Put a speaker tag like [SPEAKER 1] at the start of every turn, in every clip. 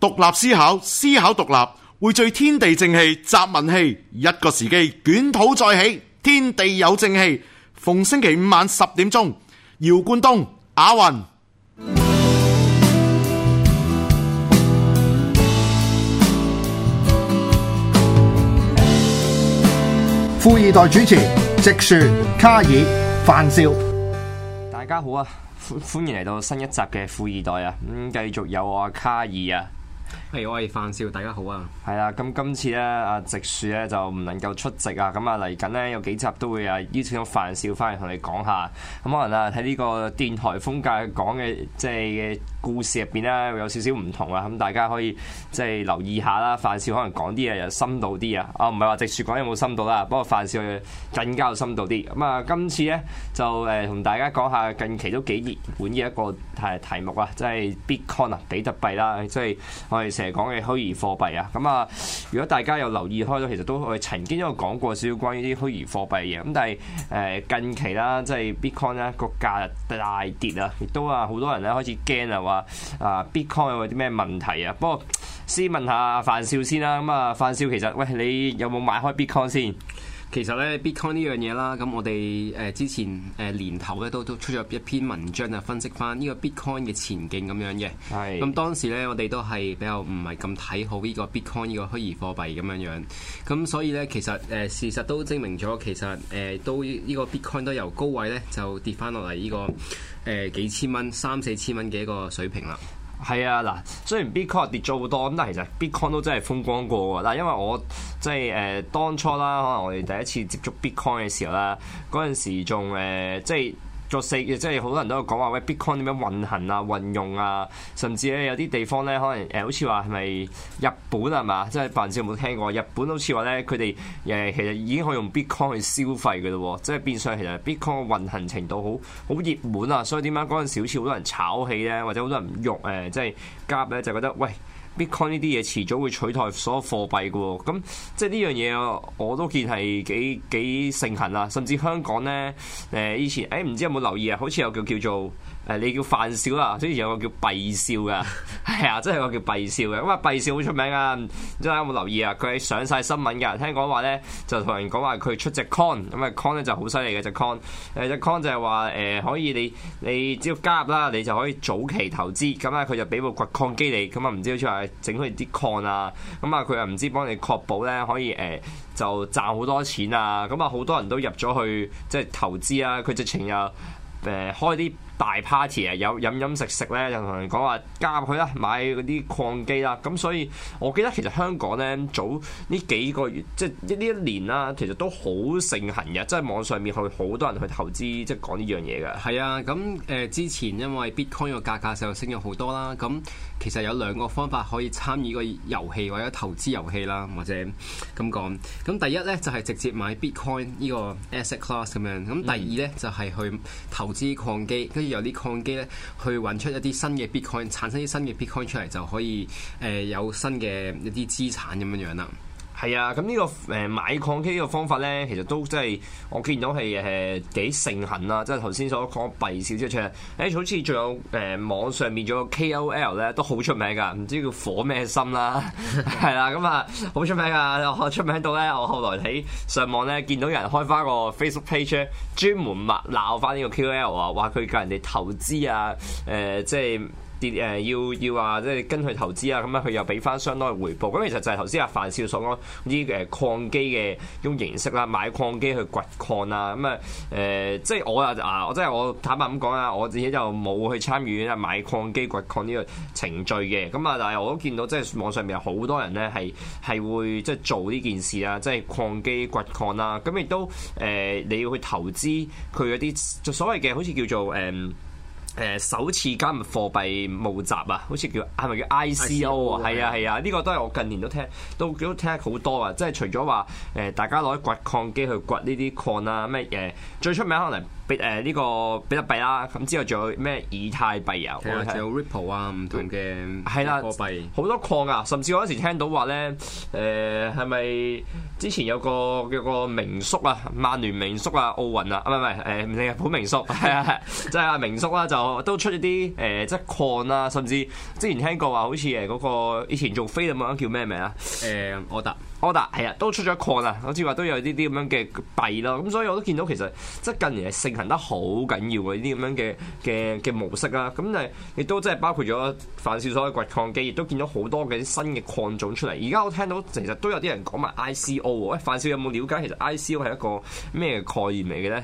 [SPEAKER 1] 獨立思考，思考獨立，匯聚天地正氣、集文氣，一個時機，捲土再起，天地有正氣。逢星期五晚十點鐘，姚冠東、阿雲、富易袋主持，直樹、卡爾、范少，大家好啊，歡迎嚟到新一集嘅富易袋啊，咁繼續有我阿卡爾啊。係，hey, 我係范少，大家好啊！係啦，咁今次咧，阿直樹咧就唔能夠出席啊，咁啊嚟緊咧有幾集都會啊邀請范少翻嚟同你講下，咁可能啊喺呢個電台風格講嘅即係嘅。就是故事入邊咧會有少少唔同啊，咁大家可以即係留意下啦。范少可能講啲嘢又深度啲啊，啊唔係話直說講有冇深度啦，不過范少更加有深度啲。咁啊，今次咧就誒同大家講下近期都幾熱門嘅一個題題目啊，即係 Bitcoin 啊，比特幣啦，即係我哋成日講嘅虛擬貨幣啊。咁啊，如果大家有留意開咗其實都我哋曾經有講過少少關於啲虛擬貨幣嘅嘢。咁但係誒近期啦，即係 Bitcoin 咧個價大跌啊，亦都啊好多人咧開始驚啊啊，Bitcoin 有啲咩問題啊？不過先問下范少先啦，咁啊范少其實喂，你有冇買開 Bitcoin 先？其實咧，Bitcoin 呢樣嘢啦，咁我哋誒、呃、之前誒、呃、年頭咧都都出咗一篇文章，就分析翻呢個 Bitcoin 嘅前景咁樣嘅。係是。咁當時咧，我哋都係比較唔係咁睇好呢個 Bitcoin 呢個虛擬貨幣咁樣樣。咁所以咧，其實誒、呃、事實都證明咗，其實誒、呃、都呢個 Bitcoin 都由高位咧就跌翻落嚟呢個誒、呃、幾千蚊、三四千蚊嘅一個水平啦。係啊，嗱，雖然 Bitcoin 跌咗好多，咁但係其實 Bitcoin 都真係風光過喎。但因為我即係誒當初啦，可能我哋第一次接觸 Bitcoin 嘅時候啦，嗰陣時仲誒即係。呃即係作勢亦即係好多人都講話喂，Bitcoin 點樣運行啊、運用啊，甚至咧有啲地方咧可能誒、呃，好似話係咪日本係嘛？即係范少有冇聽過？日本好似話咧，佢哋誒其實已經可以用 Bitcoin 去消費嘅嘞，即係變相其實 Bitcoin 嘅運行程度好好熱門啊，所以點解嗰陣好似好多人炒起咧，或者好多人喐，誒、呃、即係夾咧，就覺得喂。Bitcoin 呢啲嘢遲早會取代所有貨幣㗎喎，咁即係呢樣嘢我都見係幾幾盛行啊！甚至香港咧，誒、呃、以前誒唔、欸、知有冇留意啊，好似有叫叫做。誒你叫范少啊，所以有個叫畢少嘅，係啊，即係個叫畢少嘅。咁啊畢少好出名啊，唔知大家有冇留意啊？佢係上晒新聞嘅。聽講話咧，coin, coin 就同人講話佢出隻 coin，咁啊 coin 咧就好犀利嘅隻 coin。誒隻 coin 就係話誒可以你你只要加入啦，你就可以早期投資。咁啊佢就俾部掘礦機你，咁啊唔知好似話整佢啲 coin 啊，咁啊佢又唔知幫你確保咧可以誒、呃、就賺好多錢啊。咁啊好多人都入咗去即係投資啊。佢直情又誒開啲。大 party 啊，有飲飲食食咧，就同人講話加入去啦，買嗰啲礦機啦。咁所以我記得其實香港咧早呢幾個月，即係呢一年啦，其實都好盛行嘅，即係網上面去好多人去投資，即係講呢樣嘢㗎。係啊，咁誒之前因為 Bitcoin 個價格就升咗好多啦，咁其實有兩個方法可以參與個遊戲或者投資遊戲啦，或者咁講。咁第一咧就係、是、直接買 Bitcoin 呢個 asset class 咁樣，咁第二咧就係、是、去投資礦機，有啲礦機咧，去揾出一啲新嘅 Bitcoin，產生啲新嘅 Bitcoin 出嚟，就可以誒有新嘅一啲資產咁樣樣啦。係啊，咁呢個誒買礦機呢個方法咧，其實都真係我見到係誒幾盛行啊！即係頭先所講幣少少，處， 誒好似仲有誒網上面仲有 KOL 咧都好出名㗎，唔知叫火咩心啦，係啦，咁啊好出名㗎，我出名到咧我後來喺上網咧見到有人開翻個 Facebook page 專門麥鬧翻呢個 KOL 啊，話佢教人哋投資啊，誒、呃、即係。啲要要啊，即係跟佢投資啊，咁啊佢又俾翻相當嘅回報。咁其實就係頭先阿范少所講，啲誒礦機嘅用形式啦，買礦機去掘礦啊，咁啊誒，即係我啊啊，我即係我坦白咁講啊，我自己就冇去參與啊買礦機掘礦呢個程序嘅。咁啊，但係我都見到即係網上面有好多人咧係係會即係做呢件事啊，即係礦機掘礦啦。咁亦都誒你要去投資佢嗰啲就所謂嘅好似叫做誒。嗯誒首次加密貨幣募集是是 啊，好似叫係咪叫 ICO 啊？係啊係啊，呢、呢個都係我近年都聽，都幾都聽好多啊！即係除咗話誒，大家攞啲掘礦機去掘呢啲礦啊咩誒最出名可能？俾呢、呃呢個比特幣啦，咁之後仲有咩以太幣啊？仲有 Ripple 啊，唔、嗯、同嘅貨幣，好特多礦啊！甚至我嗰時聽到話咧，誒係咪之前有個叫個名宿啊，曼聯名宿啊，奧運啊，唔係唔係，誒利物浦名宿，係啊， 就係名宿啦、啊，就都出咗啲誒即係礦啊，甚至之前聽過話好似誒嗰個以前做飛咁樣叫咩名啊？誒我答。我話，係啊、哦，都出咗礦啊，好似話都有啲啲咁樣嘅幣咯。咁所以我都見到其實，即係近年係盛行得好緊要嘅呢啲咁樣嘅嘅嘅模式啦。咁但誒，亦都即係包括咗范少所謂嘅掘礦機，亦都見到好多嘅新嘅礦種出嚟。而家我聽到其實都有啲人講埋 ICO 喎。喂，范少有冇了解？其實 ICO 係一個咩概念嚟嘅咧？誒、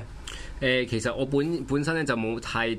[SPEAKER 1] 呃，其實我本本身咧就冇太。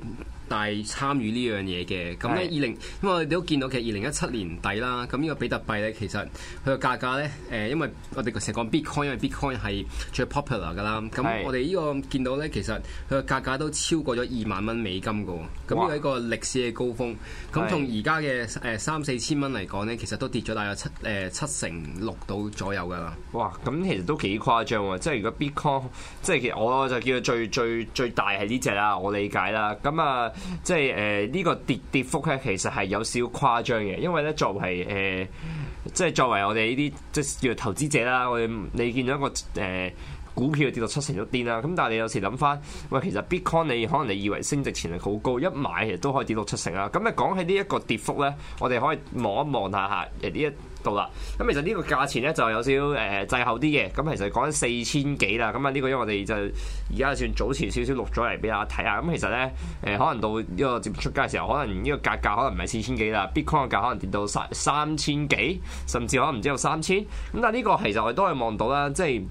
[SPEAKER 1] 大參與呢樣嘢嘅，咁咧二零，因為你都見到其實二零一七年底啦，咁呢個比特幣咧其實佢個價格咧，誒、呃，因為我哋成日講 Bitcoin，因為 Bitcoin 係最 popular 㗎啦，咁是我哋呢個見到咧，其實佢個價格都超過咗二萬蚊美金㗎喎，咁呢個一個歷史嘅高峰，咁同而家嘅誒三四千蚊嚟講咧，其實都跌咗大約七誒、呃、七成六到左右㗎啦。哇！咁其實都幾誇張喎、啊，即係如果 Bitcoin，即係其實我就叫最最最，最大係呢隻啦，我理解啦，咁啊～、uh, 即係誒呢個跌跌幅咧，其實係有少少誇張嘅，因為咧作為誒、呃，即係作為我哋呢啲即係叫投資者啦，我哋你見到一個誒、呃、股票跌到七成都癲啦，咁但係你有時諗翻，喂，其實 Bitcoin 你可能你以為升值潛力好高，一買其實都可以跌到七成啦。咁你講起呢一個跌幅咧，我哋可以望一望下嚇誒呢一。到啦，咁、嗯其、呃嗯其、嗯嗯、其實呢個價錢咧就有少誒滯後啲嘅，咁其實講緊四千幾啦，咁啊呢個因為我哋就而家算早前少少錄咗嚟俾大家睇下，咁其實咧誒可能到呢個節目出街嘅時候，可能呢個價格可能唔係四千幾啦，Bitcoin 嘅價可能跌到三三千幾，甚至可能唔知到三千、嗯，咁但係呢個其實我哋都係望到啦，即係。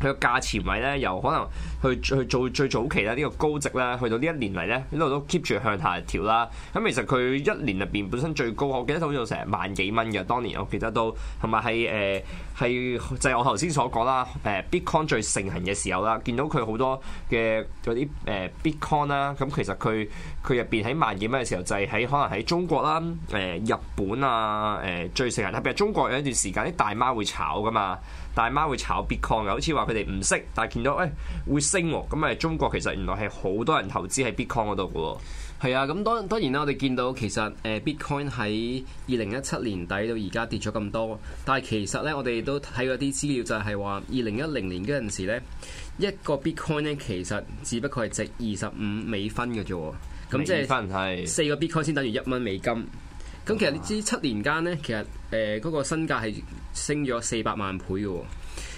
[SPEAKER 1] 佢個價錢位咧，由可能去去做最早期咧呢、這個高值啦，去到呢一年嚟咧，呢度都 keep 住向下調啦。咁其實佢一年入邊本身最高，我記得好似成萬幾蚊嘅，當年我記得都同埋係誒係就係、是、我頭先所講啦。誒、呃、Bitcoin 最盛行嘅時候啦，見到佢好多嘅嗰啲誒 Bitcoin 啦，咁其實佢佢入邊喺萬幾蚊嘅時候，就係、是、喺可能喺中國啦、誒、呃、日本啊、誒、呃、最盛行，特別係中國有一段時間啲大媽會炒㗎嘛。大媽會炒 Bitcoin 嘅，好似話佢哋唔識，但係見到誒、欸、會升喎，咁誒中國其實原來係好多人投資喺 Bitcoin 嗰度嘅喎。係啊，咁當當然啦，然我哋見到其實誒、呃、Bitcoin 喺二零一七年底到而家跌咗咁多，但係其實咧我哋都睇過啲資料就係話二零一零年嗰陣時咧一個 Bitcoin 咧其實只不過係值二十五美分嘅啫，咁即係四個 Bitcoin 先等於一蚊美金。咁其實你知七年間咧，其實誒嗰、呃那個身價係。升咗四百萬倍嘅喎，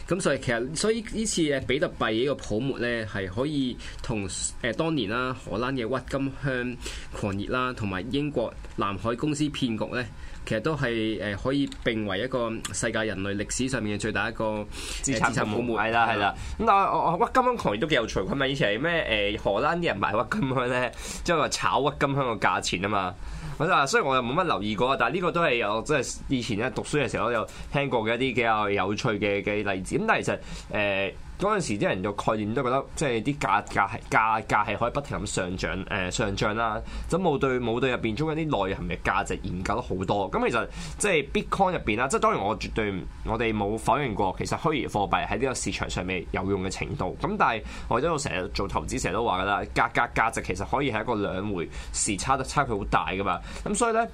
[SPEAKER 1] 咁所以其實所以次呢次誒比特幣呢個泡沫呢，係可以同誒、呃、當年啦、啊、荷蘭嘅鬱金香狂熱啦、啊，同埋英國南海公司騙局呢，其實都係誒可以並為一個世界人類歷史上面嘅最大一個資，資產保護。係啦吧，係啦。咁但係我我挖金香狂都幾有趣。佢、嗯、咪以前係咩誒荷蘭啲人賣鬱金香咧，即係話炒鬱金香個價錢啊嘛。所以我就雖然我又冇乜留意過，但係呢個都係有即係以前咧讀書嘅時候，我有聽過嘅一啲比較有趣嘅嘅例子。咁但係其實誒。嗯嗰陣時啲人嘅概念都覺得，即係啲價格係價格係可以不停咁上漲，誒、呃、上漲啦，就冇對冇對入邊中間啲內涵嘅價值研究得好多。咁其實即係 Bitcoin 入邊啦，即係當然我絕對我哋冇否認過，其實虛擬貨幣喺呢個市場上面有用嘅程度。咁但係我哋都成日做投資，成日都話噶啦，價格價值其實可以係一個兩回事差得差距好大噶嘛。咁所以咧，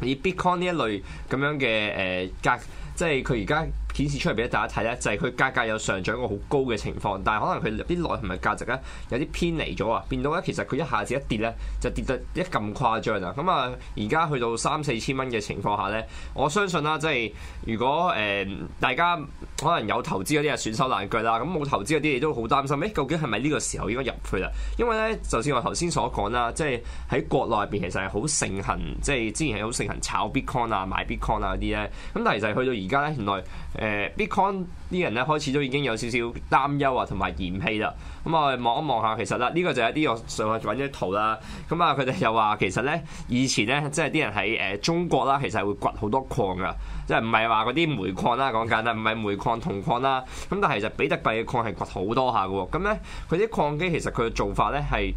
[SPEAKER 1] 以 Bitcoin 呢一類咁樣嘅誒、呃、價。即係佢而家顯示出嚟俾大家睇咧，就係、是、佢價格有上漲過好高嘅情況，但係可能佢啲內涵嘅價值咧有啲偏離咗啊，變到咧其實佢一下子一跌咧就跌得一咁誇張啊！咁、嗯、啊，而家去到三四千蚊嘅情況下咧，我相信啦、啊，即係如果誒、呃、大家可能有投資嗰啲係損手爛腳啦，咁冇投資嗰啲亦都好擔心，咦？究竟係咪呢個時候應該入去啊？因為咧，就算我頭先所講啦，即係喺國內邊其實係好盛行，即係之前係好盛行炒 Bitcoin 啊、買 Bitcoin 啊嗰啲咧，咁但係其實去到而家咧原來誒、呃、Bitcoin 啲人咧開始都已經有少少擔憂啊，同埋嫌棄啦、啊。咁、嗯、我哋望一望下，其實咧呢、呢個就係呢啲我上揾咗圖啦、啊。咁啊佢哋又話其實咧以前咧即係啲人喺誒、呃、中國啦，其實會掘好多礦噶，即係唔係話嗰啲煤礦啦，講緊啦，唔係煤礦、銅礦啦。咁但係其實比特幣嘅礦係掘好多下嘅喎。咁咧佢啲礦機其實佢嘅做法咧係。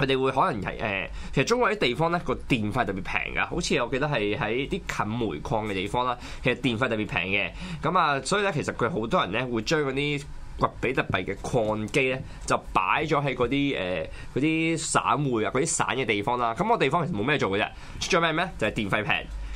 [SPEAKER 1] 佢哋會可能係誒，其實中國啲地方咧個電費特別平㗎，好似我記得係喺啲近煤礦嘅地方啦，其實電費特別平嘅，咁啊，所以咧其實佢好多人咧會將嗰啲掘比特幣嘅礦機咧就擺咗喺嗰啲誒嗰啲省會啊嗰啲省嘅地方啦，咁個地方其實冇咩做嘅啫，出咗名咩？就係電費平。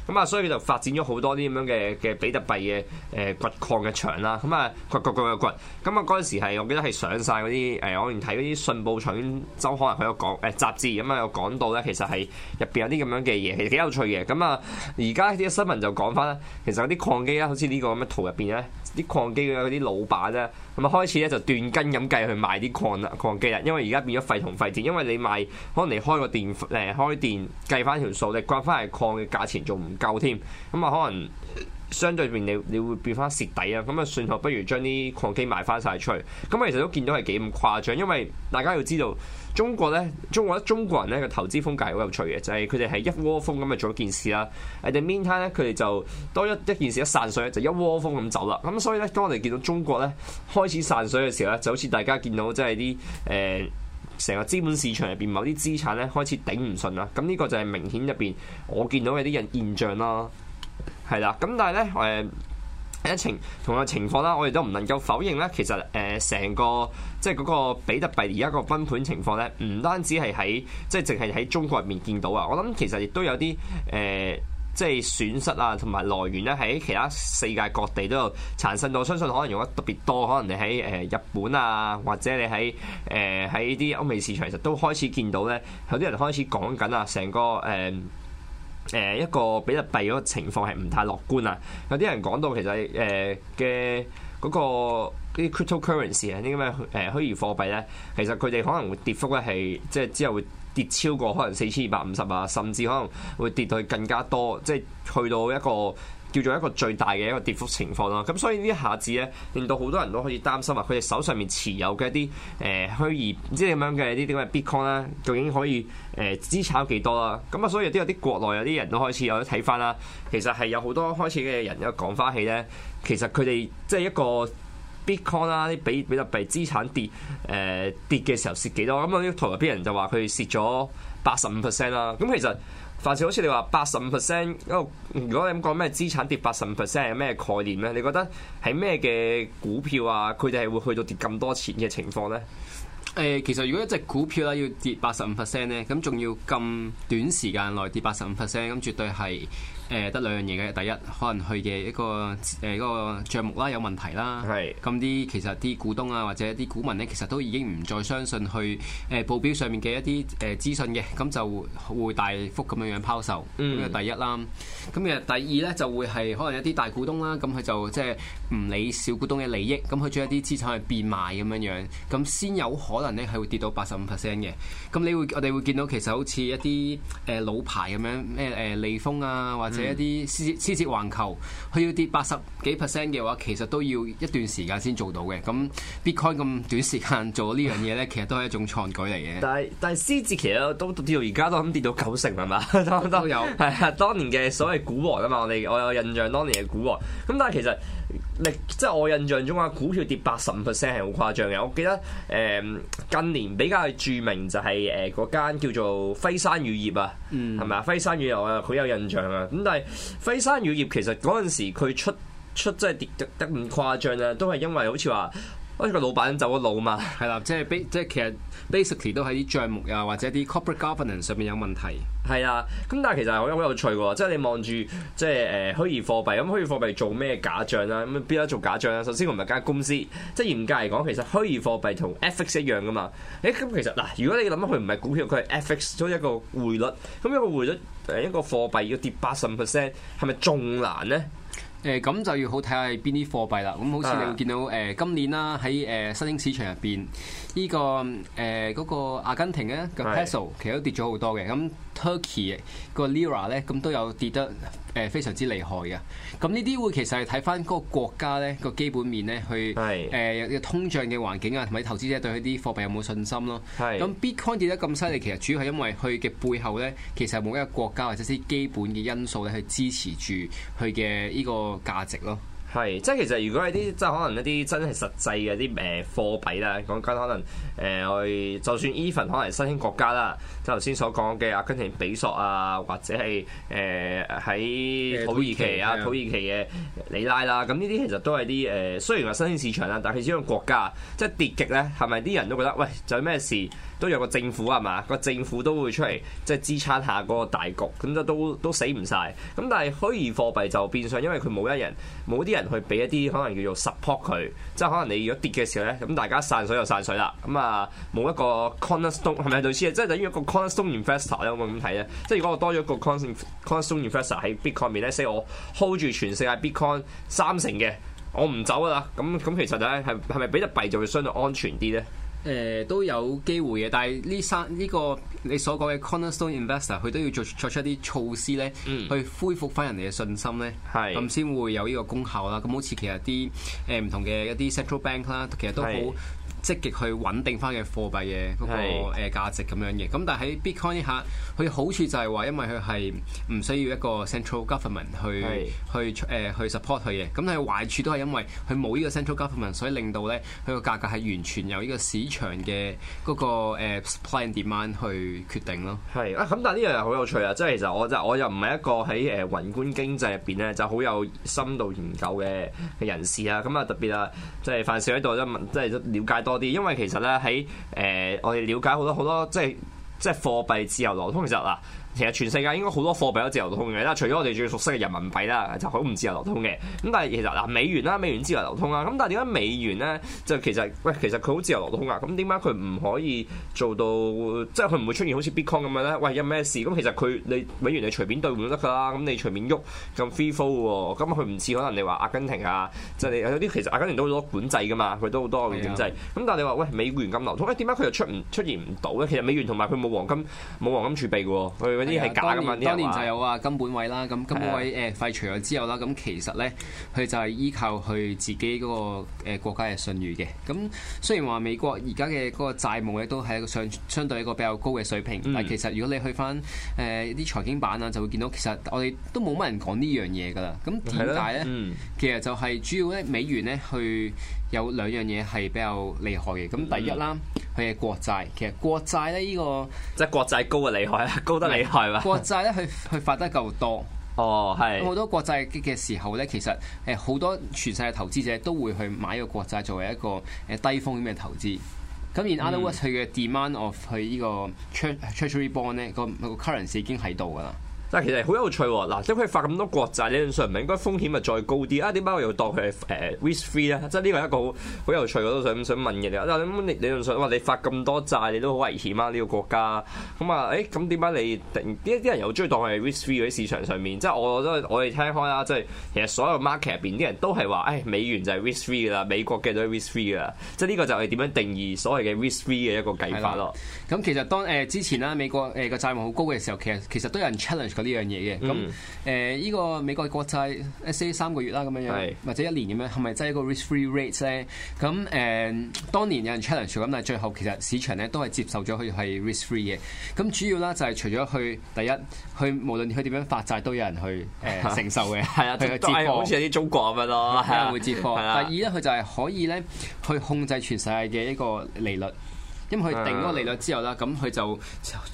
[SPEAKER 1] 咁啊、嗯，所以佢就發展咗好多啲咁樣嘅嘅比特幣嘅誒掘礦嘅場啦，咁、呃、啊，掘掘掘掘掘，咁啊嗰陣時係我記得係上晒嗰啲誒，我以前睇嗰啲信報財經周可能喺度講誒、欸、雜誌咁啊，有講到咧，其實係入邊有啲咁樣嘅嘢，其實幾有趣嘅。咁、嗯、啊，而家啲新聞就講翻咧，其實有啲礦機啦，好似呢個咁嘅圖入邊咧。啲礦機嘅嗰啲老闆咧，咁啊開始咧就斷根咁計去賣啲礦啊礦機啦，因為而家變咗廢同廢鐵，因為你賣可能你開個電誒開電計翻條數，你掘翻嚟礦嘅價錢仲唔夠添，咁啊可能。相對面你你會變翻蝕底啊！咁啊，算後不如將啲礦機賣翻晒出去。咁其實都見到係幾咁誇張，因為大家要知道中國咧，中國咧，中國人咧嘅投資風格係好有趣嘅，就係佢哋係一窩蜂咁啊做一件事啦。喺 mean time 咧，佢哋就多一一件事一散水就一窩蜂咁走啦。咁所以咧，當我哋見到中國咧開始散水嘅時候咧，就好似大家見到即係啲誒成個資本市場入邊某啲資產咧開始頂唔順啦。咁呢個就係明顯入邊我見到有啲人現象啦。係啦，咁但係咧誒一情同個情況啦，我哋都唔能夠否認咧，其實誒成、呃、個即係嗰個比特幣而家個分盤情況咧，唔單止係喺即係淨係喺中國入面見到啊！我諗其實亦都有啲誒、呃、即係損失啊，同埋來源咧喺其他世界各地都有產生到，相信可能用得特別多，可能你喺誒、呃、日本啊，或者你喺誒喺啲歐美市場，其實都開始見到咧，有啲人開始講緊啊，成個誒。誒一個比特幣嗰個情況係唔太樂觀啊！有啲人講到其實誒嘅嗰個啲 cryptocurrency 啊啲咁嘅誒虛擬貨幣咧，其實佢哋可能會跌幅咧係即係之後會跌超過可能四千二百五十啊，甚至可能會跌到去更加多，即係去到一個。叫做一個最大嘅一個跌幅情況啦，咁所以呢一下子咧，令到好多人都開始擔心啊！佢哋手上面持有嘅一啲誒、呃、虛擬，唔知點樣嘅呢啲咁嘅 Bitcoin 咧，究竟可以誒、呃、資產幾多啦？咁啊，所以有啲有啲國內有啲人都開始有啲睇翻啦。其實係有好多開始嘅人有講翻起咧，其實佢哋即係一個 Bitcoin 啦，啲比比特幣資產跌誒、呃、跌嘅時候蝕幾多？咁啊，啲台入邊啲人就話佢哋蝕咗八十五 percent 啦。咁其實～凡事好似你話八十五 percent，因如果你咁講咩資產跌八十五 percent 係咩概念咧？你覺得係咩嘅股票啊？佢哋係會去到跌咁多錢嘅情況咧？誒，其實如果一隻股票咧要跌八十五 percent 咧，咁仲要咁短時間內跌八十五 percent，咁絕對係。誒，得兩樣嘢嘅，第一可能佢嘅一個誒嗰個帳目啦有問題啦，咁 啲樂 其實啲股東啊或者啲股民呢，其實都已經唔再相信佢誒報表上面嘅一啲誒資訊嘅，咁就會大幅咁樣樣拋售，咁就、嗯、第一啦。咁其實第二咧就會係可能一啲大股東啦、啊，咁佢就即係唔理小股東嘅利益，咁佢將一啲資產去變賣咁樣樣，咁先有可能呢，係會跌到八十五 percent 嘅。咁你會我哋會見到其實好似一啲誒老牌咁樣咩誒利豐啊或者、嗯。一啲獅子獅子環球，佢要跌八十幾 percent 嘅話，其實都要一段時間先做到嘅。咁 Bitcoin 咁短時間做咗呢樣嘢咧，其實都係一種創舉嚟嘅。但係但係獅子其實都跌到而家都咁跌到九成係 當有 嘛？當都有係啊，當年嘅所謂股王啊嘛，我哋我有印象當年嘅股王。咁但係其實。即係我印象中啊，股票跌八十 percent 係好誇張嘅。我記得誒、呃、近年比較著名就係誒嗰間叫做輝山乳業啊，嗯，係咪啊？輝山乳業我好有印象啊。咁但係輝山乳業，其實嗰陣時佢出出即係跌得咁誇張啊，都係因為好似話。好似個老闆走咗路嘛，係啦，即係即係其實 basically 都喺啲帳目啊，或者啲 corporate governance 上面有問題。係啊，咁但係其實我覺得好有趣喎，即係你望住即係誒虛擬貨幣，咁虛擬貨幣做咩假帳啦？咁邊得做假帳咧？首先我唔係間公司，即係嚴格嚟講，其實虛擬貨幣同 FX 一樣噶嘛。誒咁其實嗱，如果你諗佢唔係股票，佢係 FX 中一個匯率，咁一個匯率誒一個貨幣要跌八十五 percent，係咪仲難咧？誒咁就要好睇下係邊啲貨幣啦，咁好似你會見到誒今年啦喺誒新興市場入邊，呢個誒嗰個阿根廷咧嘅 Peso 其實都跌咗好多嘅，咁。Turkey 個 Lira 咧，咁都有跌得誒、呃、非常之厲害嘅。咁呢啲會其實係睇翻嗰個國家咧個基本面咧，去誒有啲通脹嘅環境啊，同埋投資者對佢啲貨幣有冇信心咯。咁是 Bitcoin 跌得咁犀利，其實主要係因為佢嘅背後咧，其實冇一個國家或者啲基本嘅因素咧去支持住佢嘅呢個價值咯。係，即係其實如果係啲即係可能一啲真係實際嘅啲誒貨幣啦，講緊可能誒，我就算 even 可能新興國家啦，頭先所講嘅阿根廷比索啊，或者係誒喺土耳其啊土耳其嘅里拉啦，咁呢啲其實都係啲誒，雖然話新興市場啦，但係始終國家即係跌極咧，係咪啲人都覺得喂，有咩事都有個政府係嘛，個政府都會出嚟即係支撐下嗰個大局，咁就都都死唔晒。咁但係虛擬貨幣就變相因為佢冇一人，冇啲人。去俾一啲可能叫做 support 佢，即係可能你如果跌嘅時候咧，咁大家散水就散水啦。咁、嗯、啊，冇一個 cornerstone 係咪類似啊？即、就、係、是、等於一個 cornerstone investor 咧，會唔會咁睇咧？即係如果我多咗一個 cornerstone investor 喺 Bitcoin 咧，即係我 hold 住全世界 Bitcoin 三成嘅，我唔走啊啦。咁咁其實咧係係咪俾隻幣就會相對安全啲咧？誒、呃、都有機會嘅，但係呢三呢個你所講嘅 Cornerstone Investor，佢都要做作出一啲措施咧，嗯、去恢復翻人哋嘅信心咧，咁先是會有呢個功效啦。咁好似其實啲誒唔同嘅一啲 central bank 啦，其實都好。積極去穩定翻嘅貨幣嘅個誒價是、呃、值咁樣嘅，咁但係喺 Bitcoin 呢嚇，佢好處就係話因為佢係唔需要一個 central government 去是去誒、呃、去 support 佢嘅。咁係壞處都係因為佢冇呢個 central government，所以令到咧佢個價格係完全由呢個市場嘅、嗰個誒、呃、supply and demand 去決定咯。係啊，咁但係呢樣嘢好有趣啊！即係其實我，我就我又唔係一個喺誒、呃、宏觀經濟入邊咧就好、是、有深度研究嘅嘅人士啊，咁、嗯、啊特別啊，即、就、係、是、范少喺度都問，即係都瞭解多。我哋因為其實咧喺誒，我哋了解好多好多，即係即係貨幣自由流通，其實嗱。其實全世界應該好多貨幣都自由流通嘅，啦，除咗我哋最熟悉嘅人民幣啦，就好唔自由流通嘅。咁但係其實嗱，美元啦，美元自由流通啊。咁但係點解美元咧就其實喂，其實佢好自由流通啊？咁點解佢唔可以做到，即係佢唔會出現好似 Bitcoin 咁樣咧？喂，有咩事？咁其實佢你美元你隨便兌換都得㗎啦。咁你隨便喐咁 free fall 喎。咁佢唔似可能你話阿根廷啊，就係有啲其實阿根廷都好多管制㗎嘛，佢都好多嘅管制。咁但係你話喂美元咁流通，誒點解佢又出唔出現唔到咧？其實美元同埋佢冇黃金冇黃金儲備㗎喎。啲係假，咁樣啲，當年就有啊金本位啦，咁金本位誒廢除咗之後啦，咁其實咧佢就係依靠佢自己嗰個誒國家嘅信譽嘅。咁雖然話美國而家嘅嗰個債務咧都係一個相相對一個比較高嘅水平，嗯、但係其實如果你去翻誒啲財經版啊，就會見到其實我哋都冇乜人講呢樣嘢㗎啦。咁點解咧？其實就係主要咧美元咧去有兩樣嘢係比較厲害嘅。咁第一啦。嗯嗯佢嘅國債，其實國債咧呢個即係國債高嘅厲害啊，高得厲害啦！國債咧佢佢發得夠多，哦係。好多國債嘅時候咧，其實誒好多全世界投資者都會去買個國債作為一個誒低風險嘅投資。咁而 other words，佢嘅、嗯、demand of 佢呢個 treasury bond 咧個 currency 已經喺度㗎啦。但其實好有趣喎、哦，嗱，即佢發咁多國債，理論上唔係應該風險咪再高啲啊？點解我又當佢係誒 risk free 咧？即係呢個一個好好有趣我都想問想問嘅。理論上你你又話你發咁多債，你都好危險啊呢、這個國家。咁啊，誒咁點解你啲人又中意當佢係 risk free 喺市場上面？即係我我哋聽開啦，即係其實所有 market 入邊啲人都係話，誒、哎、美元就係 risk free 噶啦，美國嘅都係 risk free 噶啦。即係呢個就係點樣定義所謂嘅 risk free 嘅一個計法咯。咁其實當誒、呃、之前啦，美國誒個債務好高嘅時候，其實其實都有人 challenge 呢樣嘢嘅咁誒，呢個、嗯嗯、美國國債 SA 三個月啦，咁樣樣或者一年咁樣，係咪真係一個 risk-free rate 咧？咁誒，當年有人 challenge 咁，但係最後其實市場咧都係接受咗佢係 risk-free 嘅。咁主要啦，就係除咗去第一，佢無論佢點樣發債，都有人去誒承受嘅，係、呃、啊，佢嘅接貨好似啲中國咁樣咯，係會接貨。啊、第二咧，佢就係可以咧去控制全世界嘅一個利率。因為佢定咗個利率之後啦，咁佢就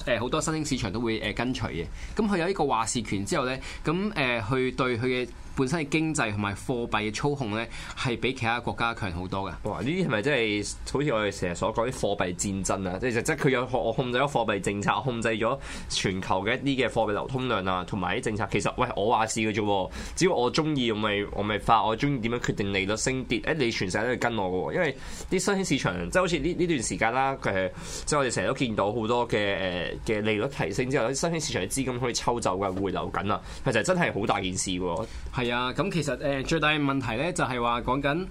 [SPEAKER 1] 誒好多新興市場都會誒跟隨嘅。咁佢有呢個話事權之後咧，咁誒佢對佢嘅。本身嘅經濟同埋貨幣嘅操控咧，係比其他國家強好多嘅。哇！呢啲係咪真係好似我哋成日所講啲貨幣戰爭啊？即係即係佢有控，我控制咗貨幣政策，控制咗全球嘅一啲嘅貨幣流通量啊，同埋啲政策。其實喂，我話事嘅啫喎，只要我中意，我咪我咪發，我中意點樣決定利率升跌？誒，你全世界都係跟我嘅喎、啊，因為啲新興市場即係好似呢呢段時間啦、啊，佢係即係我哋成日都見到好多嘅誒嘅利率提升之後，啲新興市場嘅資金可以抽走嘅回流緊啊，其實真係好大件事喎、啊。係啊，咁其實誒最大嘅問題咧，就係話講緊，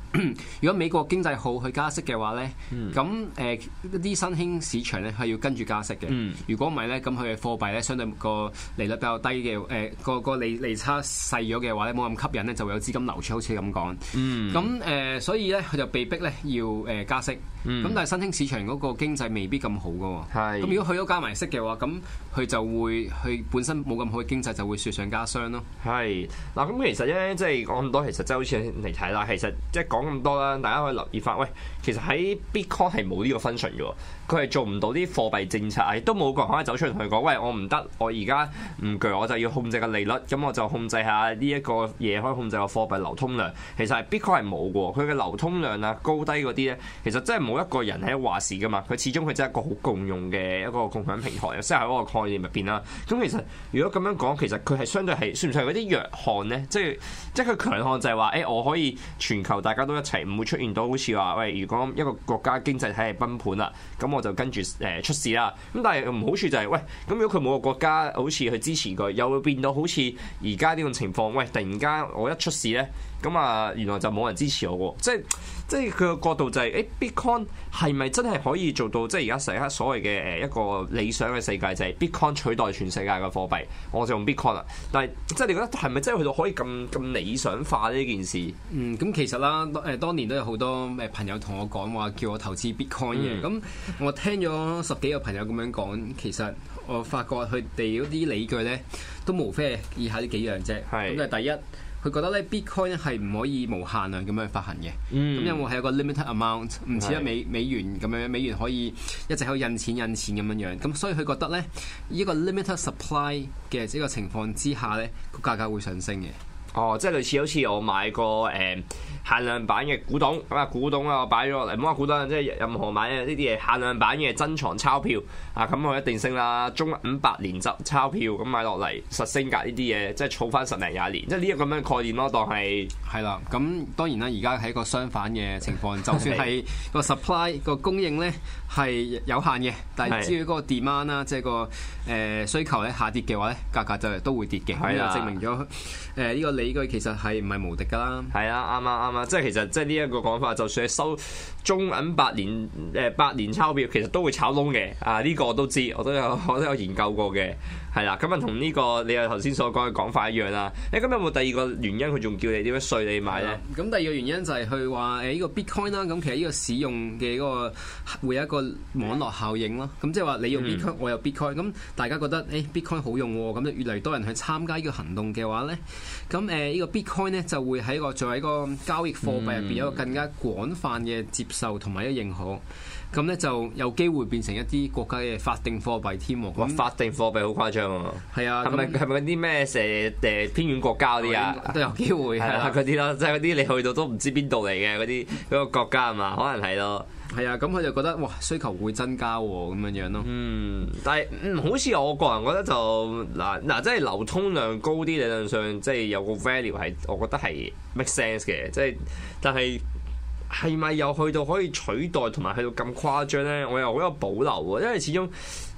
[SPEAKER 1] 如果美國經濟好去加息嘅話咧，咁誒一啲新興市場咧係要跟住加息嘅。如果唔係咧，咁佢嘅貨幣咧相對個利率比較低嘅誒、呃，個個利利差細咗嘅話咧，冇咁吸引咧，就會有資金流出，好似咁講。咁誒、嗯呃，所以咧佢就被逼咧要誒加息。咁、嗯、但係新興市場嗰個經濟未必咁好噶喎。咁是如果佢都加埋息嘅話，咁佢就會佢本身冇咁好嘅經濟就會雪上加霜咯。係。嗱，咁其實咧，即係講咁多，其實即係好似嚟睇啦。其實即係講咁多啦，大家可以留意翻，喂，其實喺 Bitcoin 係冇呢個 function 嘅喎，佢係做唔到啲貨幣政策啊，亦都冇個人可以走出嚟同佢講，喂我唔得，我而家唔巨，我就要控制個利率，咁我就控制下呢一個嘢可以控制個貨幣流通量。其實係 Bitcoin 係冇嘅喎，佢嘅流通量啊、高低嗰啲咧，其實真係冇一個人喺度話事噶嘛。佢始終佢真係一個好共用嘅一個共享平台，即係喺嗰個概念入邊啦。咁其實如果咁樣講，其實佢係相對係算唔算係嗰啲弱項咧？即係即係佢強項就係話，誒、欸、我可以全球大家都一齊，唔會出現到好似話，喂，如果一個國家經濟體系崩盤啦，咁我就跟住誒出事啦。咁但係唔好處就係、是，喂，咁如果佢每個國家好似去支持佢，又會變到好似而家呢種情況，喂，突然間我一出事呢。」咁啊，原來就冇人支持我喎！即係即係佢嘅角度就係，哎，Bitcoin 係咪真係可以做到即係而家成刻所謂嘅誒一個理想嘅世界，就係 Bitcoin 取代全世界嘅貨幣，我就用 Bitcoin 啊！但係即係你覺得係咪真係去到可以咁咁理想化呢件事？嗯，咁其實啦，誒當年都有好多誒朋友同我講話，叫我投資 Bitcoin 嘅。咁我聽咗十幾個朋友咁樣講，其實我發覺佢哋嗰啲理據咧，都無非係以下呢幾樣啫。係咁，就第一。佢覺得咧，Bitcoin 咧係唔可以無限量咁樣去發行嘅，咁、嗯、因為係一個 limited amount，唔似得美美元咁是樣，美元可以一直喺度印錢印錢咁樣樣，咁所以佢覺得咧，呢個 limited supply 嘅呢個情況之下咧，個價格會上升嘅。哦，即係類似好似我買過誒。呃限量版嘅古董，咁啊古董啊我擺咗落嚟，唔好話古董，即係任何買呢啲嘢限量版嘅珍藏鈔票，啊咁我一定升啦，中五百年鈔票咁買落嚟，實升價呢啲嘢，即係儲翻十零廿年，即係呢個咁樣概念咯，當係係啦。咁當然啦，而家係一個相反嘅情況， 笑容就算係個 supply 個供應咧係有限嘅，但係至於個 demand 啦，即係個誒需求咧下跌嘅話咧，價格就係都會跌嘅，係就證明咗誒呢個理據其實係唔係無敵噶啦。係啊，啱啱啱。即係其實即係呢一個講法，就算係收中銀百年誒、呃、百年鈔票，其實都會炒窿嘅。啊！呢、個我都知，我都有我都有研究過嘅。係啦，咁啊同呢個你又頭先所講嘅講法一樣啦。誒，咁有冇第二個原因佢仲叫你點樣說你買咧？咁、嗯、第二個原因就係佢話誒呢個 Bitcoin 啦，咁其實呢個使用嘅嗰個會有一個網絡效應咯。咁即係話你用 Bitcoin，我又 Bitcoin，咁大家覺得誒、欸、Bitcoin 好用喎、哦，咁就越嚟越多人去參加呢個行動嘅話咧，咁誒呢個 Bitcoin 咧就會喺個作為一個交易貨幣入邊有一個更加廣泛嘅接受同埋一個認可。咁咧就有機會變成一啲國家嘅法定貨幣添喎。哇！法定貨幣好誇張喎。係啊。係咪係咪啲咩？誒誒，偏遠國家啲啊，都有機會係啊嗰啲咯，即係嗰啲你去到都唔知邊度嚟嘅嗰啲嗰個國家係嘛？可能係咯。係啊，咁佢、 嗯嗯、就覺得哇，需求會增加喎、啊，咁樣樣、啊、咯、嗯。嗯，但係好似我個人覺得就嗱嗱，即係流通量高啲理論上，即、就、係、是、有個 value 係，我覺得係 make sense 嘅，即係但係。係咪又去到可以取代同埋去到咁誇張呢？我又好有保留喎，因為始終。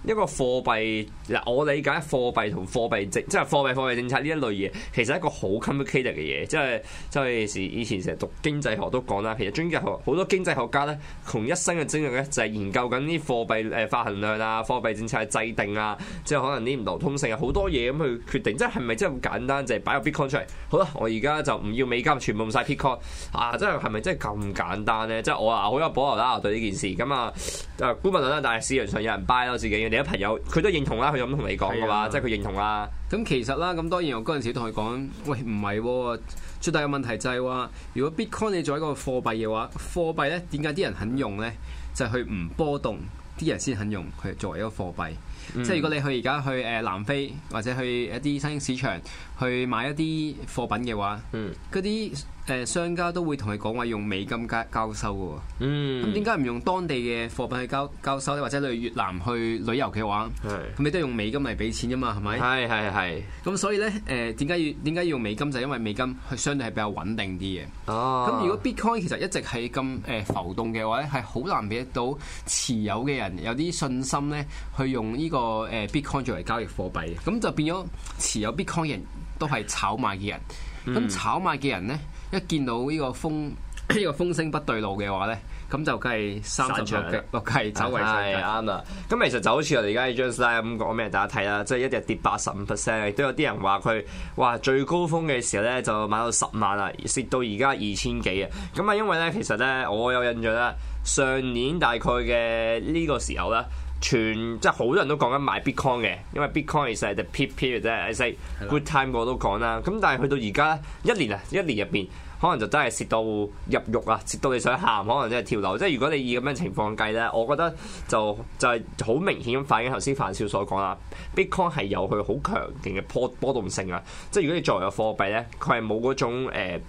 [SPEAKER 1] 一個貨幣嗱，我理解貨幣同貨幣政，即係貨幣貨幣政策呢一類嘢，其實係一個好 complicated 嘅嘢，即係即係以前成日讀經濟學都講啦。其實經濟學好多經濟學家咧，從一生嘅精力咧就係研究緊啲貨幣誒發行量啊、貨幣政策嘅制定啊，即係可能啲唔流通性啊好多嘢咁去決定，即係係咪真係咁簡單，就係擺個 bitcoin 出嚟？好啦，我而家就唔要美金，全部用曬 bitcoin 啊！即係真係係咪真係咁簡單咧？即係我啊，好有保留啦我對呢件事咁啊，誒估問啦，但係市場上有人 buy 咯自己。你嘅朋友佢都認同啦，佢咁同你講嘅話，係啊、即係佢認同啦。咁其實啦，咁當然我嗰陣時同佢講，喂，唔係、哦，最大嘅問題就係、係、話，如果 Bitcoin 你作為一個貨幣嘅話，貨幣咧點解啲人肯用咧？就係佢唔波動，啲人先肯用佢作為一個貨幣。嗯、即係如果你去而家去誒南非或者去一啲新興市場去買一啲貨品嘅話，嗰啲。誒商家都會同你講話用美金交交收嘅喎，咁點解唔用當地嘅貨品去交交收咧？或者你去越南去旅遊嘅話，咁是你都係用美金嚟俾錢嘅嘛？係咪？係係係。咁所以咧，誒點解要點解要用美金？就因為美金佢相對係比較穩定啲嘅。哦。咁如果 Bitcoin 其實一直係咁誒浮動嘅話咧，係好難俾得到持有嘅人有啲信心咧，去用呢個誒 Bitcoin 作為交易貨幣。咁就變咗持有 Bitcoin 人都係炒賣嘅人。咁、嗯、炒賣嘅人咧。一見到呢個風呢、這個風聲不對路嘅話咧，咁就梗係三十六嘅，落計走位真係啱啦。咁其實就好似我哋而家張師奶咁講咩，大家睇啦，即係一日跌八十五 percent，亦都有啲人話佢嘩最高峰嘅時候咧就買到十萬啊，蝕到而家二千幾啊。咁啊，因為咧其實咧我有印象啦，上年大概嘅呢個時候咧。全即係好多人都講緊買 Bitcoin 嘅，因為 Bitcoin 其實係隻 PP 啫，I say。Good time 我都講啦，咁吧但係去到而家一年啊，一年入邊。可能就真係蝕到入獄啊！蝕到你想喊，可能真係跳樓。即係如果你以咁樣情況計咧，我覺得就就係、是、好明顯咁反映頭先范少所講啦。Bitcoin 係有佢好強勁嘅波波動性啊！即係如果你作為個貨幣咧，佢係冇嗰種、呃、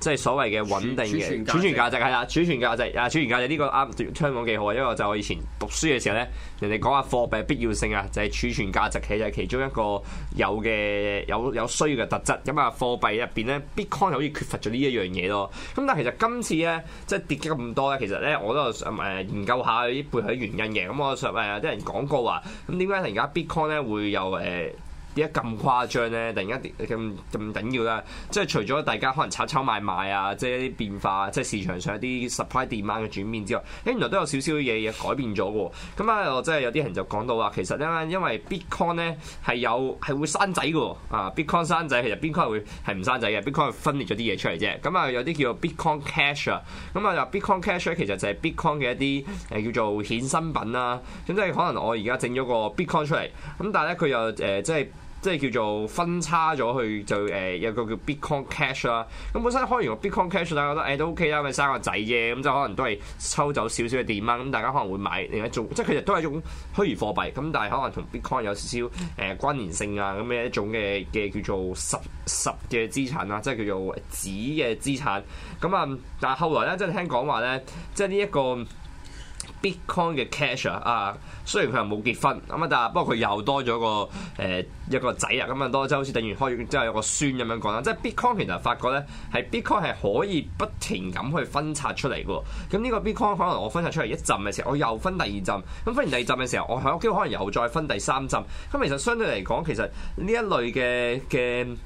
[SPEAKER 1] 即係所謂嘅穩定嘅儲存價值係啦，儲存價值啊，儲存價值呢、啊啊、個啱聽講幾好啊！因為就我以前讀書嘅時候咧，人哋講話貨幣必要性啊，就係、是、儲存價值，其實係其中一個有嘅有的有需要嘅特質。咁啊，貨幣入邊咧，Bitcoin 又好似缺乏咗呢一樣。呢樣嘢咯，咁但係其實今次咧，即係跌咗咁多咧，其實咧我都係想誒研究下啲背後原因嘅。咁、嗯、我想有啲人講過話，咁點解佢而家 Bitcoin 咧會有誒？呃點解咁誇張咧？突然間咁咁緊要啦。即係除咗大家可能炒炒賣賣啊，即係一啲變化，即係市場上一啲 supply demand 嘅轉變之外，誒原來都有少少嘢嘢改變咗嘅喎。咁啊，我真係有啲人就講到話，其實咧，因為 Bitcoin 咧係有係會生仔嘅喎，啊 Bitcoin 生仔其實 Bitcoin 係會係唔生仔嘅，Bitcoin 係分裂咗啲嘢出嚟啫。咁啊，有啲叫 Bitcoin Cash 啊，咁啊，又 Bitcoin Cash 咧其實就係 Bitcoin 嘅一啲誒、呃、叫做衍生品啦、啊。咁即係可能我而家整咗個 Bitcoin 出嚟，咁但係咧佢又誒即係。即係叫做分叉咗去就誒有個叫 Bitcoin Cash 啦。咁本身開完個 Bitcoin Cash 大家覺得誒、欸、都 OK 啦，咪生個仔啫。咁就可能都係抽走少少嘅電啦。咁大家可能會買另一種，即係其實都係一種虛擬貨幣。咁但係可能同 Bitcoin 有少少誒、呃、關聯性啊。咁嘅一種嘅嘅叫做十十嘅資產啦，即係叫做紙嘅資產。咁啊，但係後來咧，即係聽講話咧，即係呢一個。Bitcoin 嘅 cash 啊，啊，雖然佢又冇結婚咁啊，但不過佢又多咗個誒一個仔、呃、啊，咁啊多即係好似等於開完之後有一個孫咁樣講啦。即係 Bitcoin 其實發覺咧，係 Bitcoin 係可以不停咁去分拆出嚟嘅。咁呢個 Bitcoin 可能我分拆出嚟一陣嘅時候，我又分第二陣，咁分完第二陣嘅時候，我喺屋企可能又再分第三陣。咁其實相對嚟講，其實呢一類嘅嘅。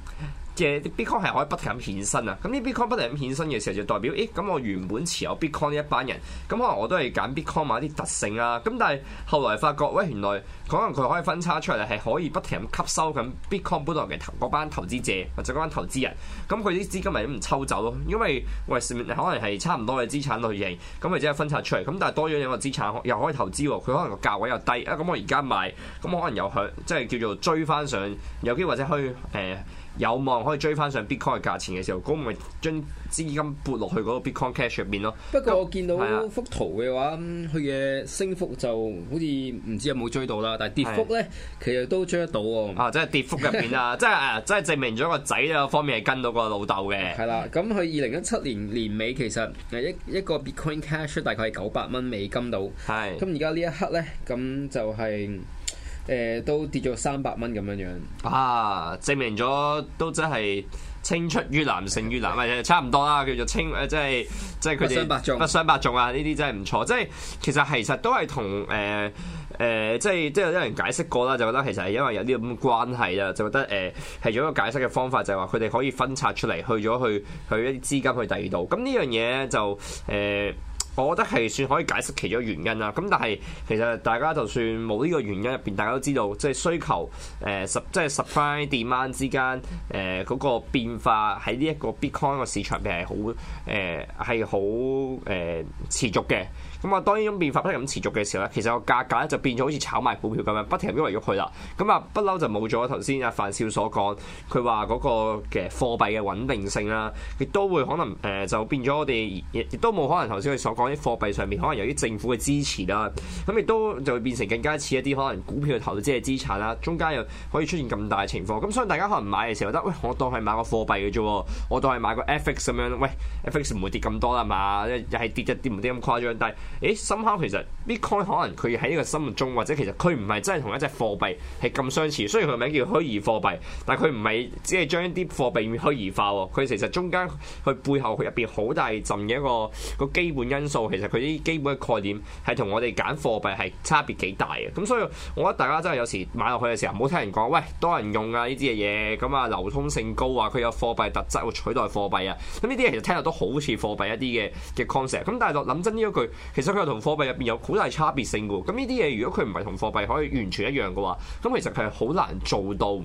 [SPEAKER 1] 即係啲 Bitcoin 係可以不停咁衍生啊！咁呢啲 Bitcoin 不停咁衍生嘅時候，就代表誒咁、欸、我原本持有 Bitcoin 呢一班人，咁可能我都係揀 Bitcoin 買啲特性啊。咁但係後來發覺，喂、欸、原來可能佢可以分叉出嚟，係可以不停咁吸收緊 Bitcoin 本來嘅嗰班投資者或者嗰班投資人。咁佢啲資金咪唔抽走咯？因為喂可能係差唔多嘅資產類型，咁或者係分拆出嚟。咁但係多咗一個資產，又可以投資。佢可能個價位又低啊！咁我而家買，咁我可能又去，即係叫做追翻上有機會或者去。以、呃有望可以追翻上 Bitcoin 嘅價錢嘅時候，咁咪將資金撥落去嗰個 Bitcoin Cash 入邊咯。不過那我見到幅圖嘅話，佢嘅的升幅就好似唔知有冇追到啦，但係跌幅咧的其實都追得到喎、哦。啊，即係跌幅入邊啊，即係即係證明咗個仔啊方面係跟到個老豆嘅。係啦，咁佢二零一七年年尾其實一一個 Bitcoin Cash 大概係九百蚊美金度。係的。咁而家呢一刻咧，咁就係、是。誒、呃，都跌咗三百蚊咁樣樣啊！證明咗都真係青出於藍勝於藍，唔對差唔多啦，叫做青誒、呃，即係即係佢哋相伯仲啊！呢啲真係唔錯，即係其實其實都係同誒誒，即係即係有啲人解釋過啦，就覺得其實係因為有啲咁嘅關係啦，就覺得誒係咗一個解釋嘅方法，就係話佢哋可以分拆出嚟去咗去去一啲資金去第二度，咁呢樣嘢就誒。呃我覺得係算可以解釋其中原因啦。咁但係其實大家就算冇呢個原因入邊，大家都知道即係、就是、需求誒十、呃、即係 supply demand 之間誒嗰、呃那個變化喺呢一個 Bitcoin 嘅市場係好誒係好誒持續嘅。咁啊，當呢種變化不停咁持續嘅時候咧，其實個價格咧就變咗好似炒賣股票咁樣，不停咁嚟喐去啦。咁啊，不嬲就冇咗頭先阿范少所講，佢話嗰個嘅貨幣嘅穩定性啦，亦都會可能誒、呃、就變咗我哋，亦都冇可能頭先佢所講啲貨幣上面可能由於政府嘅支持啦，咁亦都就會變成更加似一啲可能股票嘅投資嘅資產啦。中間又可以出現咁大嘅情況，咁所以大家可能買嘅時候覺得，喂，我當係買個貨幣嘅啫，我當係買個 FX 咁樣，喂，FX 唔會跌咁多啦嘛，又係跌一跌唔跌咁誇張，但係。誒、欸、深刻其實，Bitcoin 可能佢喺呢個心目中，或者其實佢唔係真係同一隻貨幣係咁相似。雖然佢名叫虛擬貨幣，但係佢唔係只係將一啲貨幣虛擬化喎。佢其實中間佢背後佢入邊好大陣嘅一個個基本因素，其實佢啲基本嘅概念係同我哋揀貨幣係差別幾大嘅。咁所以，我覺得大家真係有時買落去嘅時候，唔好聽人講，喂，多人用啊呢啲嘅嘢，咁啊流通性高啊，佢有貨幣特質，會取代貨幣啊。咁呢啲嘢其實聽落都好似貨幣一啲嘅嘅 concept。咁但係就諗真呢一句。其實佢同貨幣入邊有好大差別性噶。咁呢啲嘢如果佢唔係同貨幣可以完全一樣嘅話，咁其實係好難做到，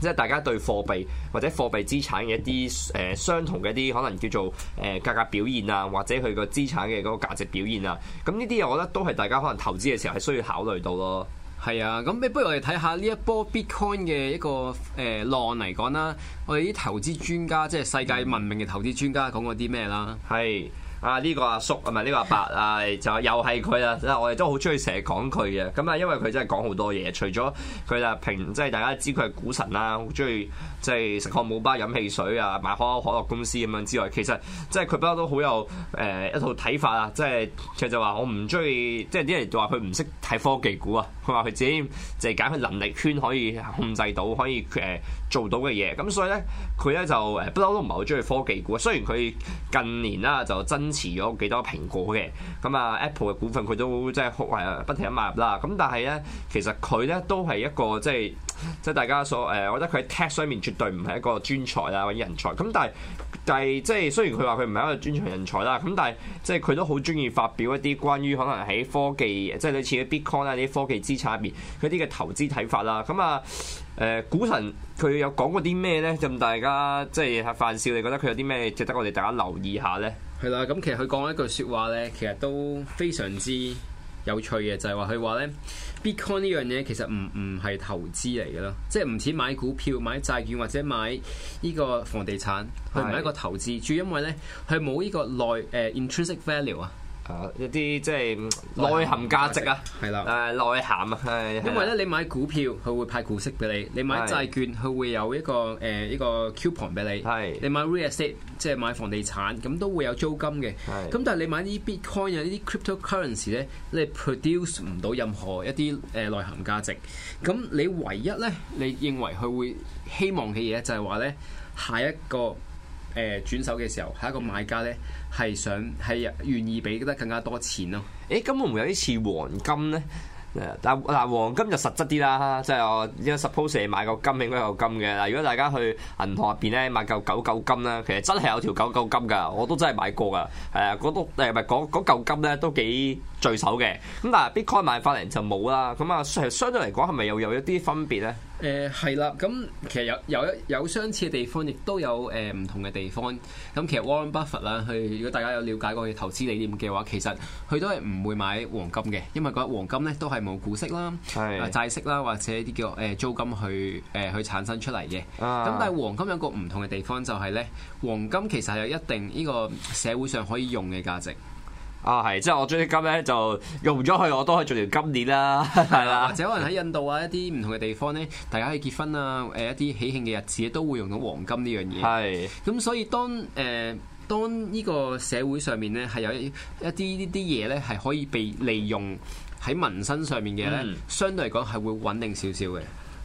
[SPEAKER 1] 即係大家對貨幣或者貨幣資產嘅一啲誒、呃、相同嘅一啲可能叫做誒、呃、價格表現啊，或者佢個資產嘅嗰個價值表現啊，咁呢啲嘢我覺得都係大家可能投資嘅時候係需要考慮到咯。係啊，咁你不如我哋睇下呢一波 Bitcoin 嘅一個誒、呃、浪嚟講啦，我哋啲投資專家即係世界聞名嘅投資專家講過啲咩啦？係。啊呢、這個阿叔啊唔係呢個阿伯啊就又係佢啦，我哋都好中意成日講佢嘅。咁啊，因為佢真係講好多嘢，除咗佢啊平，即係、就是、大家知佢係股神啦、啊，好中意即係食漢堡包、飲汽水啊，買可口可樂公司咁樣之外，其實即係佢不嬲都好有誒、呃、一套睇法啊！即係佢就話、是、我唔中意，即係啲人就話佢唔識睇科技股啊，佢話佢自己就係揀佢能力圈可以控制到，可以誒、呃做到嘅嘢，咁所以咧，佢咧就誒不嬲都唔係好中意科技股，雖然佢近年啦就增持咗幾多蘋果嘅咁啊、嗯、Apple 嘅股份，佢都即係好係不停咁買入啦。咁但係咧，其實佢咧都係一個即係即係大家所誒、呃，我覺得佢喺 Tech 上面絕對唔係一個專才呀或者人才。咁但係。但係，即係雖然佢話佢唔係一個專長人才啦，咁但係即係佢都好中意發表一啲關於可能喺科技，即係類似啲 Bitcoin 啊啲科技資產入面佢啲嘅投資睇法啦。咁啊，誒、呃、股神佢有講過啲咩咧？咁大家即係范少，你覺得佢有啲咩值得我哋大家留意下咧？係啦，咁其實佢講一句説話咧，其實都非常之，有趣嘅就係話佢話咧，Bitcoin 呢樣嘢其實唔唔係投資嚟嘅咯，即係唔似買股票、買債券或者買呢個房地產，佢唔係是的 一個投資，主要因為咧佢冇呢個內誒、uh, intrinsic value 啊。啊！一啲即係內涵價值啊，係啦，誒內涵啊，係的。因為咧，嗯、你買股票，佢會派股息俾你；你買債券，佢的會有一個誒、呃、一個 coupon 俾你。係的。你買 real estate，即係買房地產，咁都會有租金嘅。係的。咁但係你買呢啲 bitcoin 啊，呢啲 cryptocurrency 咧，你 produce 唔到任何一啲誒內涵價值。咁你唯一咧，你認為佢會希望嘅嘢就係話咧，下一個。誒轉手嘅時候，下一個買家咧，係想係願意俾得更加多錢咯。誒，根本有啲似黃金咧。誒，但係黃金就實質啲啦，即係我依家 suppose 係買嚿金，應該有金嘅。嗱，如果大家去銀行入邊咧買嚿九九金啦，其實真係有條九九金㗎，我都真係買過㗎。係嗰度誒咪嗰嚿金咧都幾聚手嘅。咁但係 bitcoin 買翻嚟就冇啦。咁啊相相對嚟講係咪又有一啲分別咧？誒係啦，咁、嗯、其實有有一有相似嘅地、呃、地方，亦都有誒唔同嘅地方。咁其實 Warren Buffett 啦，佢如果大家有了解過佢投資理念嘅話，其實佢都係唔會買黃金嘅，因為覺得黃金咧都係冇股息啦、啊、債息啦或者啲叫誒租金去誒、呃、去產生出嚟嘅。咁但係黃金有個唔同嘅地方就係咧，黃金其實係有一定呢個社會上可以用嘅價值。啊，係、哦，即係我將啲金咧，就用咗去，我都可以做條金鏈啦，係啦。或者可能喺印度啊，一啲唔同嘅地方咧，大家可以結婚啊，誒一啲喜慶嘅日子都會用到黃金呢樣嘢。係。咁所以當誒、呃、當呢個社會上面咧係有一啲呢啲嘢咧係可以被利用喺民生上面嘅咧，嗯、相對嚟講係會穩定少少嘅。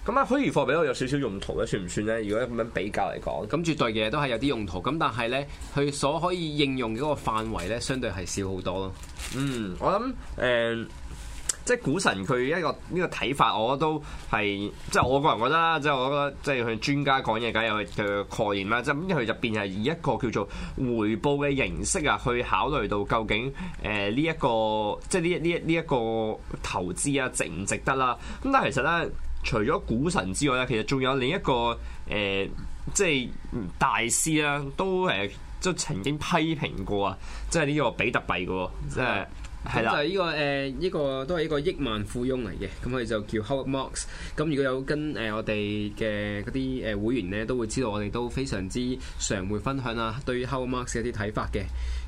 [SPEAKER 1] 咁啊，虛擬貨幣有少少用途咧，算唔算咧？如果咁樣比較嚟講，咁、嗯、絕對嘅都係有啲用途。咁但係咧，佢所可以應用嗰個範圍咧，相對係少好多咯。嗯，我諗誒、呃，即係股神佢一個呢、呢個睇法，我覺得都係即係我個人覺得，即係我覺得即係佢專家講嘢，梗係佢誒誇言啦。即係因為佢入邊係以一個叫做回報嘅形式啊，去考慮到究竟誒呢一個即係呢呢呢一個投資啊，值唔值得啦？咁但係其實咧。除咗股神之外咧，其實仲有另一個誒、呃，即係大師啦，都誒都、呃、曾經批評過啊，即係呢個比特幣嘅，即係係啦。就係呢、呢個誒，呢、呃呢個都係一個億萬富翁嚟嘅。咁佢就叫 Howard Marks。咁如果有跟誒我哋嘅嗰啲誒會員咧，都會知道我哋都非常之常會分享啦、啊、對於 Howard Marks 一啲睇法嘅。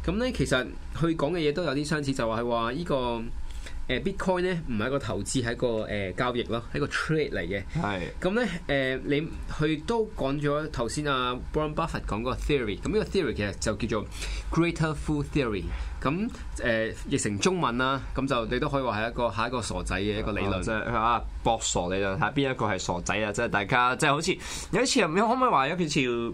[SPEAKER 1] 咁咧其實佢講嘅嘢都有啲相似，就係話呢個。誒 Bitcoin 咧，唔係一個投資，係一個誒、呃、交易咯，係一個 trade 嚟嘅。係。咁咧誒，你佢、呃、都講咗頭先阿、啊、Brown Buffett 講個 theory，咁、嗯、呢、這個 theory 其實就叫做 Greater Fool Theory、嗯。咁、呃、誒譯成中文啦，咁、嗯、就你都可以話係一個下一個傻仔嘅一個理論啫嚇、啊就是啊。博傻理論，睇邊一個係傻仔啊！即、就、係、是、大家即係、就是、好似有一次，唔可唔可以話有一次要誒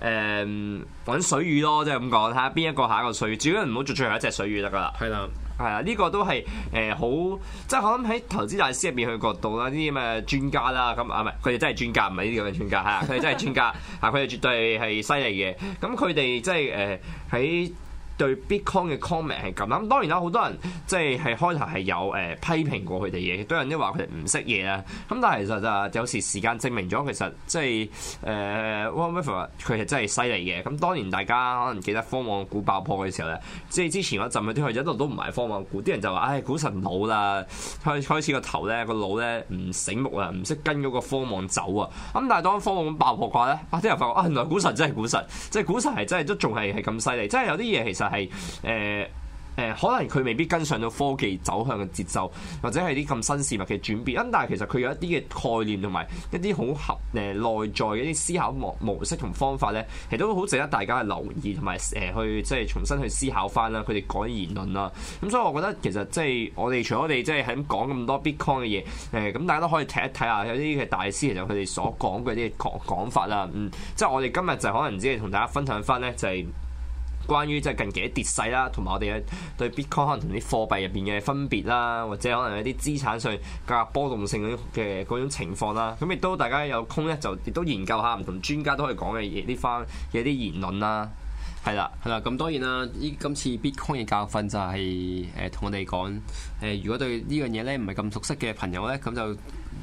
[SPEAKER 1] 揾、嗯、水魚咯，即係咁講，睇下邊一個下一個水魚，只要唔好做最後一隻水魚得噶啦。係啦。係啊，呢個都係誒好，即係我諗喺投資大師入面嘅角度啦，啲咁嘅專家啦，咁啊唔係，佢哋真係專家，唔係呢啲咁嘅專家，係啊，佢哋真係專家，啊佢哋絕對係犀利嘅，咁佢哋即係誒喺對 Bitcoin 嘅 comment 係咁啦，咁當然啦，好多人即係係開頭係有誒、呃、批評過佢哋嘢，亦都有人都話佢哋唔識嘢啊。咁但係其實就有時時間證明咗，其實即係誒 OneWeb 佢係真係犀利嘅。咁當然大家可能記得科網股爆破嘅時候咧，即係之前嗰陣嗰啲佢一度都唔係科網股，啲人就話，唉，股神老啦，開開始個頭咧個腦咧唔醒目啊，唔識跟嗰個科網走啊。咁但係當科網爆破嘅話咧，啲人發覺啊，原來股神真係股神，即係股神係真係都仲係係咁犀利，即係有啲嘢其實。就係誒可能佢未必跟上到科技走向嘅節奏，或者係啲咁新事物嘅轉變。咁但係其實佢有一啲嘅概念同埋一啲好合誒內、呃、在嘅一啲思考模模式同方法咧，係都好值得大家去留意同埋誒去即係重新去思考翻啦。佢哋講啲言論啦。咁所以我覺得其實即係我哋除咗我哋即係喺咁講咁多 Bitcoin 嘅嘢誒，咁、呃、大家都可以睇一睇下有啲嘅大師其實佢哋所講嘅啲講法啦。嗯，即係我哋今日就可能只係同大家分享翻咧，就係、是。關於即係近期啲跌勢啦，同埋我哋嘅對 Bitcoin 可能同啲貨幣入邊嘅分別啦，或者可能一啲資產上價格波動性嘅嗰種情況啦，咁亦都大家有空咧就亦都研究下唔同專家都可以講嘅呢翻嘅一啲言論啦，係啦係啦，咁 當然啦，呢今次 Bitcoin 嘅教訓就係誒同我哋講誒，如果對呢樣嘢咧唔係咁熟悉嘅朋友咧，咁就。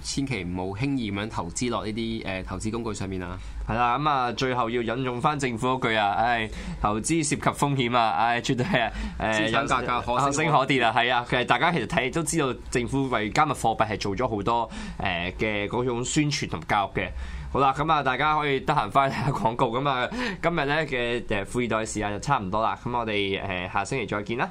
[SPEAKER 1] 千祈唔好輕易咁樣投資落呢啲誒投資工具上面啊！係啦，咁 啊樂最後要引用翻政府句啊，唉，投資涉及風險啊，唉，絕對係誒有價格可升可跌啦，係 啊，其實大家其實睇都知道政府為加密貨幣係做咗好多誒嘅嗰種宣傳同教育嘅。好啦，咁啊大家可以得閒翻睇下廣告。咁、嗯、啊今日咧嘅誒富易袋時間就差唔多啦，咁我哋誒下星期再見啦。